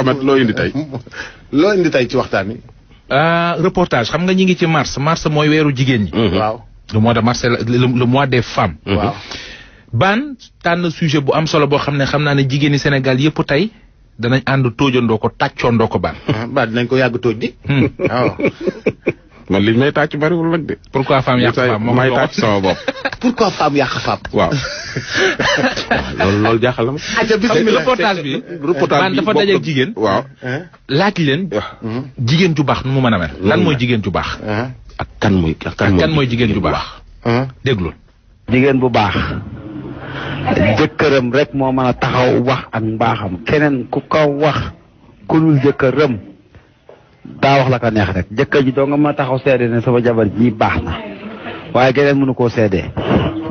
Amath loo indi tey. loo indi tey ci waxtaan wi. Ah, reportage xam nga ñi ngi ci mars mars mooy weeru jigéen ñi. Mm-hmm. waaw le mois de mars le mois des femmes. Mm-hmm. waaw baan tànn sujet bu am solo boo xam ne xam naa ne jigéeni Sénégal yëpp tey. danañ ànd tóojandoo ko tàccoondoo ko baan. Ah, baa dinañ ko yàgg tóoj di. waaw. Hmm. Oh. man li may tàcc bariwul nag de. pourquoi femme yàq femme moom may tàcc sama bopp. pourquoi femme yàq femme. waaw loolu loolu jaaxal na ma. ayca reportage bi. reportage bi man dafa dajeeg jigéen. waaw laaj leen. jigéen ju baax nu mu mën mel. lan mooy jigéen ju baax. ak kan mooy ak kan mooy kan ju bu rek moo mën a taxaw wax ak mbaaxam keneen ku ko wax ku dul daa wax la ko neex rek jëkkër ji doo nga ma taxaw seede ne sama jabar ji baax na waaye geneen mënu koo seede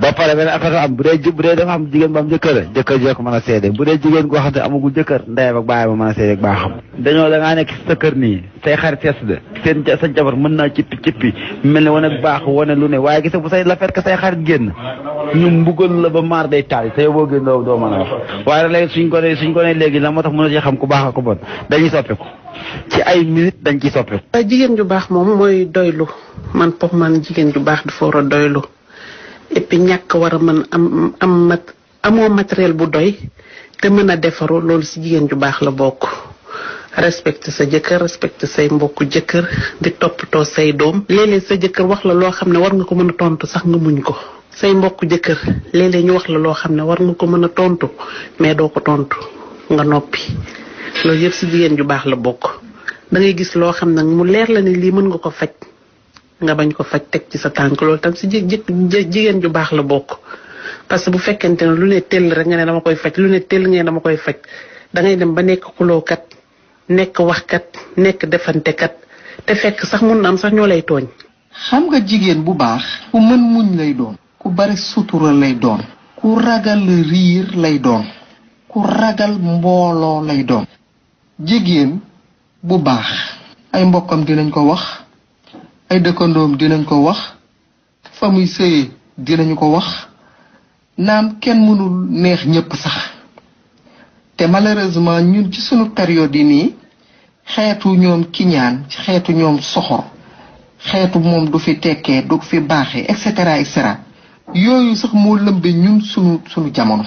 ba pare beneen affaire am bu dee bu dee am jigéen bu jëkkër jëkkër jee a seede bu dee jigéen goo xam ne amagul jëkkër ndeyam ak a seede ak baaxam dañoo da sa jabar mën naa cippi cippi mel ne wane baax wane lu ne waaye gis bu say la fekk say xarit génn ñu mbugal la ba maar day taal say boo génn doo doo mën a wax waaye léegi suñ ko suñ ko ne léegi la moo tax mënoo ci xam ku baax ak ku bon dañuy soppiku ci ay dañ ciy soppiku jigéen ju baax moom mooy doylu man pop man jigéen ju baax dafa war a doylu et ñàkk war a mën am am mat amoo matériel bu doy te mën a defaru loolu ci jigéen ju baax la bokk respecte sa jëkkër respecte say mbokku jëkkër di toppatoo say doom léeg sa jëkkër wax la loo xam ne war nga ko mën a tontu sax nga muñ ko say mbokku jëkkër léeg ñu wax la loo xam ne war nga ko mën a tontu mais doo ko tontu nga noppi loolu yëpp si jigéen ju baax la bokk da ngay gis loo xam ne mu leer la ne lii mën nga ko faj nga bañ ko faj teg ci sa tànk loolu tam si jigéen ju baax la bokk parce que bu fekkente ne lu ne tell rek nga ne dama koy faj lu ne tell nga ne dama koy faj da ngay dem ba nekk xulookat nekk waxkat nekk defantekat te fekk sax mun na am sax ñoo lay tooñ xam nga jigéen bu baax ku mën muñ lay doon ku bari sutura lay doon ku ragal riir lay doon ku ragal mbooloo lay doon jigéen bu baax ay mbokkam dinañ ko wax ay dëkkandoom dinañ ko wax fa muy sëyee dinañu ko wax naan kenn mënul neex ñépp sax te malheureusement ñun ci sunu période yi nii xeetu ñoom kiñaan xeetu ñoom soxor xeetu moom du fi tekkee du fi baaxee et cetera et cetera yooyu sax moo lëmbe ñun sunu sunu jamono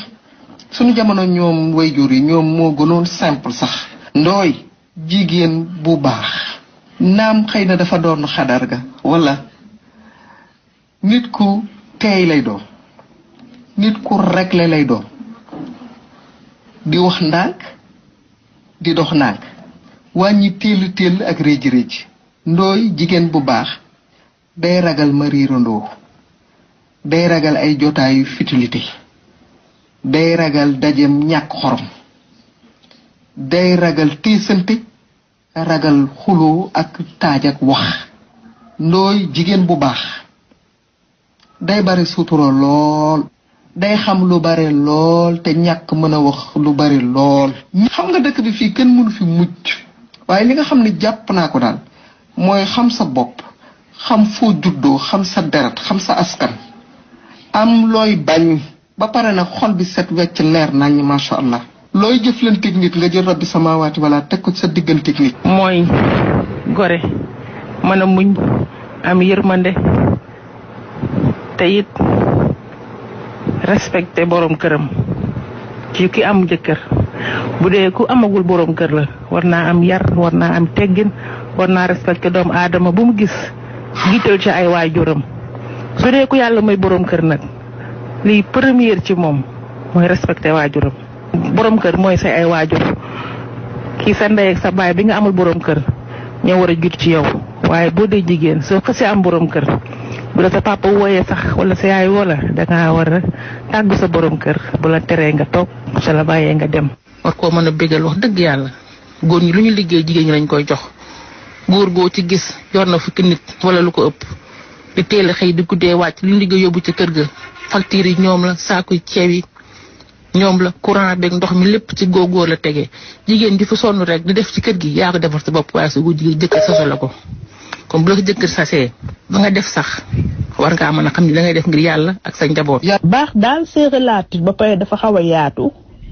sunu jamono ñoom wayjur yi ñoom moo gënoon simple sax ndooy jigéen bu baax naam xëy na dafa doon xadar ga walla nit ku teey lay doon nit ku réglé lay doon di wax ndànk di dox ndànk wàññi téelu téel ak réji réji ndooy jigéen bu baax day ragal ma riirandoo day ragal ay jotaayu futilité day ragal dajem ñàkk xorom day ragal tiisante ragal xuloo ak taaj ak wax ndooy jigéen bu baax day bari sutura lool day xam lu bari lool te ñàkk mën a wax lu bari lool xam nga dëkk bi fii kenn mënu fi mucc waaye li nga xam ne jàpp naa ko daal mooy xam sa bopp xam foo juddoo xam sa deret xam sa askan am looy bañ ba pare na xol bi set wecc leer nañ masha allah looy jëflanteeg nit nga jël rabbi samaawaati wala teg ko sa digganteeg nit. mooy gore mën a muñ am yërmande te it respecté borom këram ci ki am jëkkër bu dee ku amagul boroom kër la war naa am yar war naa am teggin war naa respecté doomu aadama bu mu gis jiital ci ay waajuram su dee ku yàlla mooy boroom kër nag lii première ci moom mooy respecté waajuram. boroom kër mooy say ay waajur kii sa ndey ak sa baay bi nga amul boroom kër ñoo war a jut ci yow waaye boo dee jigéen soo xasee am boroom kër bu la sa papa wala sa yaay woo la war a tàggu sa borom kër bu teree nga toog sa la bàyyee nga dem. war koo mën a bégal wax dëgg yàlla góor ñi lu ñu liggéey jigéen ñi lañ koy jox góor goo ci gis yoon na fukki nit wala lu ko ëpp di teel a xëy di guddee wàcc lu ñu liggéey yóbbu ca kër ga facture yi ñoom la saaku ceeb yi ñoom la courant beeg ndox mi lépp ci góogóor la tegee jigéen di fa sonn rek di def ci kër gi yaa ko defar si bopp waaye su gu jigéen jëkkër saso la ko comme bu la ko jëkkër sasee ba nga def sax war ngaa mën a xam ni dangay def ngir yàlla ak sa njaboot. baax daal c'est relatif ba pare dafa xaw a yaatu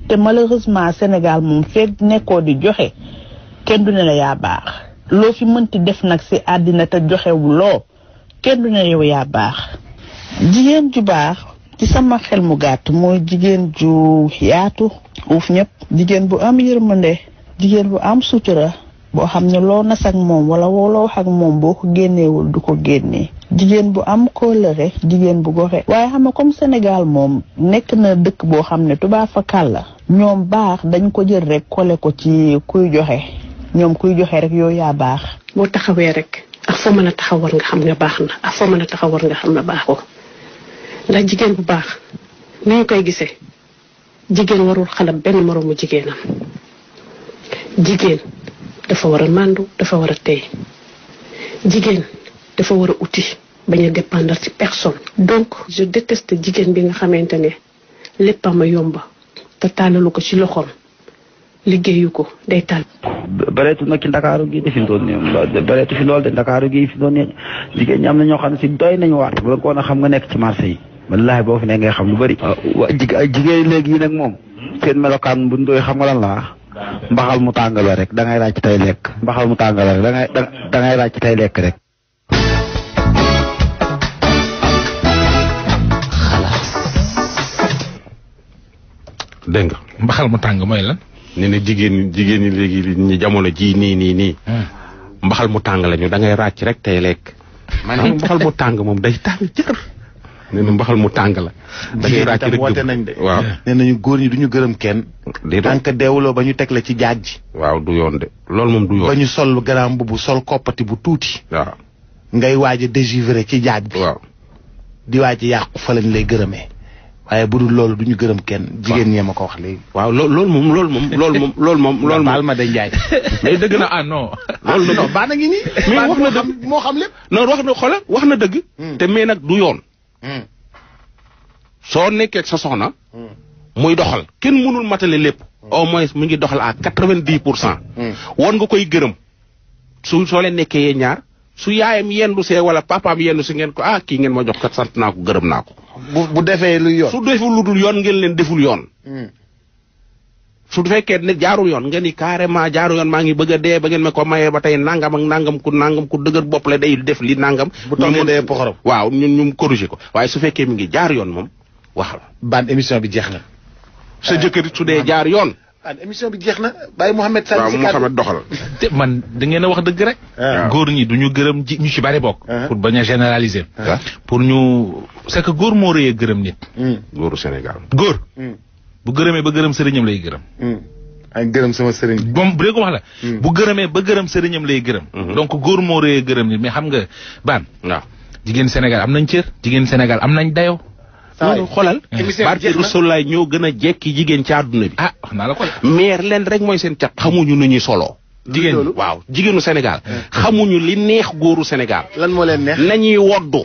te malheureusement Sénégal moom fekk nekkoo di joxe kenn du ne la yaa baax loo fi mënti def nag si àddina te joxewu loo kenn du ne yow yaa baax jigéen baax ci sama xel mu gàtt mooy jigéen ju yaatu uuf ñëpp jigéen bu am yërmande jigéen bu am sutura boo xam ne loo nas ak moom wala loo wax ak moom boo ko génneewul du ko génne jigéen bu am kóllëre jigéen bu goxe waaye xam nga comme Sénégal moom nekk na dëkk boo xam ne tubaab fa la ñoom baax dañ ko jël rek kole ko ci kuy joxe ñoom kuy joxe rek yooyu yaa baax boo taxawee rek ak foo mën a taxaw nga xam ne baax na ak foo mën a taxaw war nga xam ne baaxoo ndax jigéen bu baax ni ñu koy gisee jigéen warul xalab benn moroomu jigéenam jigéen dafa war a màndu dafa war a tey jigéen dafa war a uti bañ a dépendre ci personne donc je déteste jigéen bi nga xamante ne léppam a yomba te tàllalu ko ci loxoom liggéeyu ko day tàll bareetu nag ci ndakaaru gi de fi doon ne bareetu fi lool de ndakaaru gi fi doon jigéen ñi am ñoo xam ne si doy nañu waat bu la ko woon a xam nga nekk ci marché yi wallahi bo fi ne ngay xam lu bari ah, jigéen léegi nag moom seen melokaan bu ndoy xam nga lan la mbaxal mu tàngala rek da ngay laaj tay lekk mbaxal mu tàngala rek da ngay da ngay laaj tay lekk rek deng mbaxal mu lan nee na jigéen jigéen ñi léegi jamono ji nii nii nii ah. mbaxal mu tàng lañu da ngay ràcc rek tay lekk mbaxal mu day nee na mbaxal mu tàng la. da ngay ràcc rek woote nañ de. waaw nee nañu góor ñi du ñu kenn. déedéet tant que deewuloo ba la ci jaaj ji. waaw du yoon de loolu moom du yoon. ba sol garaam bu sol koppati bu tuti. waaw ngay waaj a dégivrer ci jaaj bi. waaw di waaj a yàqu fa lañ lay gërëmee. waaye bu dul duñu gërëm kenn jigéen ñee ko wax léegi waaw loolu moom loolu moom loolu moom loolu moom loolu moom ma day jaay day dëgg na ah non ah, loolu non baa na ngi nii mais wax na dëgg moo xam lépp non wax na xoolal wax na dëgg hmm. te mais nag du yoon Hmm. soo nekkee sa soxna. Hmm. muy doxal kenn mënul matale lépp. Hmm. au moins mu ngi doxal à quatre-vingt-dix pour cent. war nga koy gërëm su soo leen nekkee yee ñaar su yaayam yendu see wala papaam yendu si ngeen ko ah kii ngeen ma jox kat sant naa ko gërëm naa ko. bu bu defee lu yoon su deful lu dul yoon ngeen leen deful yoon. su fekkee ne jaarul yoon nga ni carrément jaarul yoon maa ngi bëgg a dee ba ngeen ma ko mayee ba tey nangam ak nangam ku nangam ku dëgër bopp la day def li nangam. bu tawee dee poxoram waaw ñun ñu corrigé ko waaye su fekkee mi ngi jaar yoon moom waxal. ban émission bi jeex na. sa euh, jëkkër su dee jaar yoon. waaw émission bi jeex na Baye Mouhamed. Sall si Mouhamed doxal. te man da ngeen a wax dëgg rek. Ah. góor ñi du ñu gërëm ji ñu ci bari bokk. Ah. pour bañ a généraliser. Ah. pour ñu c'est que góor moo rëy gërëm nit. Hmm. góoru Sénégal góor. Hmm. bu gërëmee ba gërëm sëriñam lay gërëm. Hmm. ak gërëm sama sëriñ. moom bu dee ko wax la. Hmm. bu gërëmee ba gërëm sëriñam lay gërëm. Hmm. donc góor moo rëy gërëm ni mais xam nga baan. waaw jigéen Sénégal am nañ cër. jigéen Sénégal am nañ dayoo. loolu xoolal eh, barke Rasulaay ñoo gën a jekki jigéen ci àdduna bi. ah wax naa la ko meer leen rek mooy seen cat xamuñu nu ñuy soloo. jigéen waaw jigéenu Sénégal. Eh. li neex góoru Sénégal. lan moo leen neex nañuy woddu.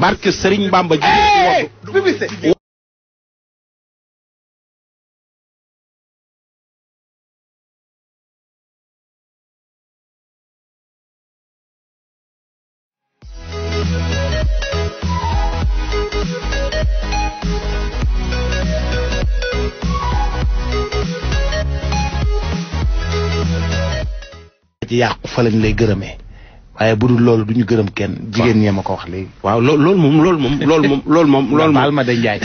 barke Sëriñ jigéen eh! woddu. ci yàqu fa lañ lay gërëmee waaye budul loolu duñu gërëm kenn jigéen ñee ma wax léegi waaw loolu moom loolu moom loolu moom loolu moom loolu moom ma dañ jaay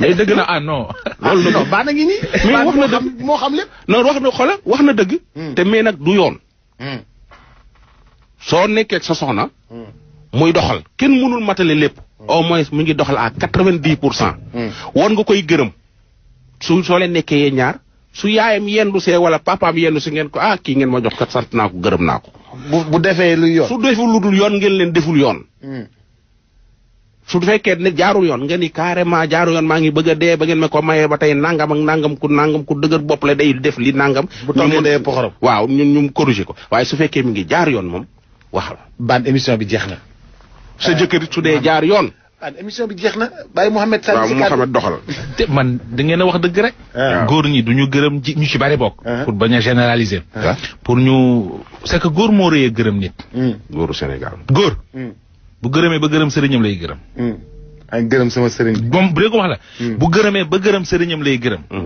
mais dëgg na ah non loolu non baa na ngi nii mais wax na dëgg moo xam lépp non wax na xoolal wax na dëgg hmm. te mais nag du yoon hmm. soo nekkee sa soxna hmm. muy doxal kenn mënul matale lépp au moins mu ngi doxal à quatre vingt nga koy gërëm su soo leen nekkee ñaar su yaayam yendu see wala papaam yendu si ngeen ko ah kii ngeen ma jox kat sant naa ko gërëm naa ko. bu bu defee lu yoon. su deful lu dul yoon ngeen leen deful yoon. Hmm. su fekkee ne jaarul yoon ngeen ni carrément jaarul yoon maa ngi bëgg dee ba ngeen ma ko mayee ba tey nangam ak nangam ku nangam ku dëgër bopp le day def li nangam. bu toogee dee poxoram waaw ñun ñu corrigé ko waaye su fekkee mi ngi jaar yoon moom waxal. ban émission bi jeex na. sa jëkkër su dee jaar yoon. ah émission bi jeex na Baye Mouhamed. Sall waaw Mouhamed doxal. te man da ngeen a wax dëgg rek. góor ñi du ñu gërëm ji ñu ci bari bokk. Uh-huh. pour bañ a généraliser. Uh-huh. pour ñu c'est góor moo rëyee gërëm nit. Hmm. góoru Sénégal. góor. Hmm. bu gërëmee ba gërëm sëriñam lay gërëm. Hmm. gërëm sama sëriñ. moom bu dee ko wax la. bu gërëmee ba gërëm sëriñam lay gërëm.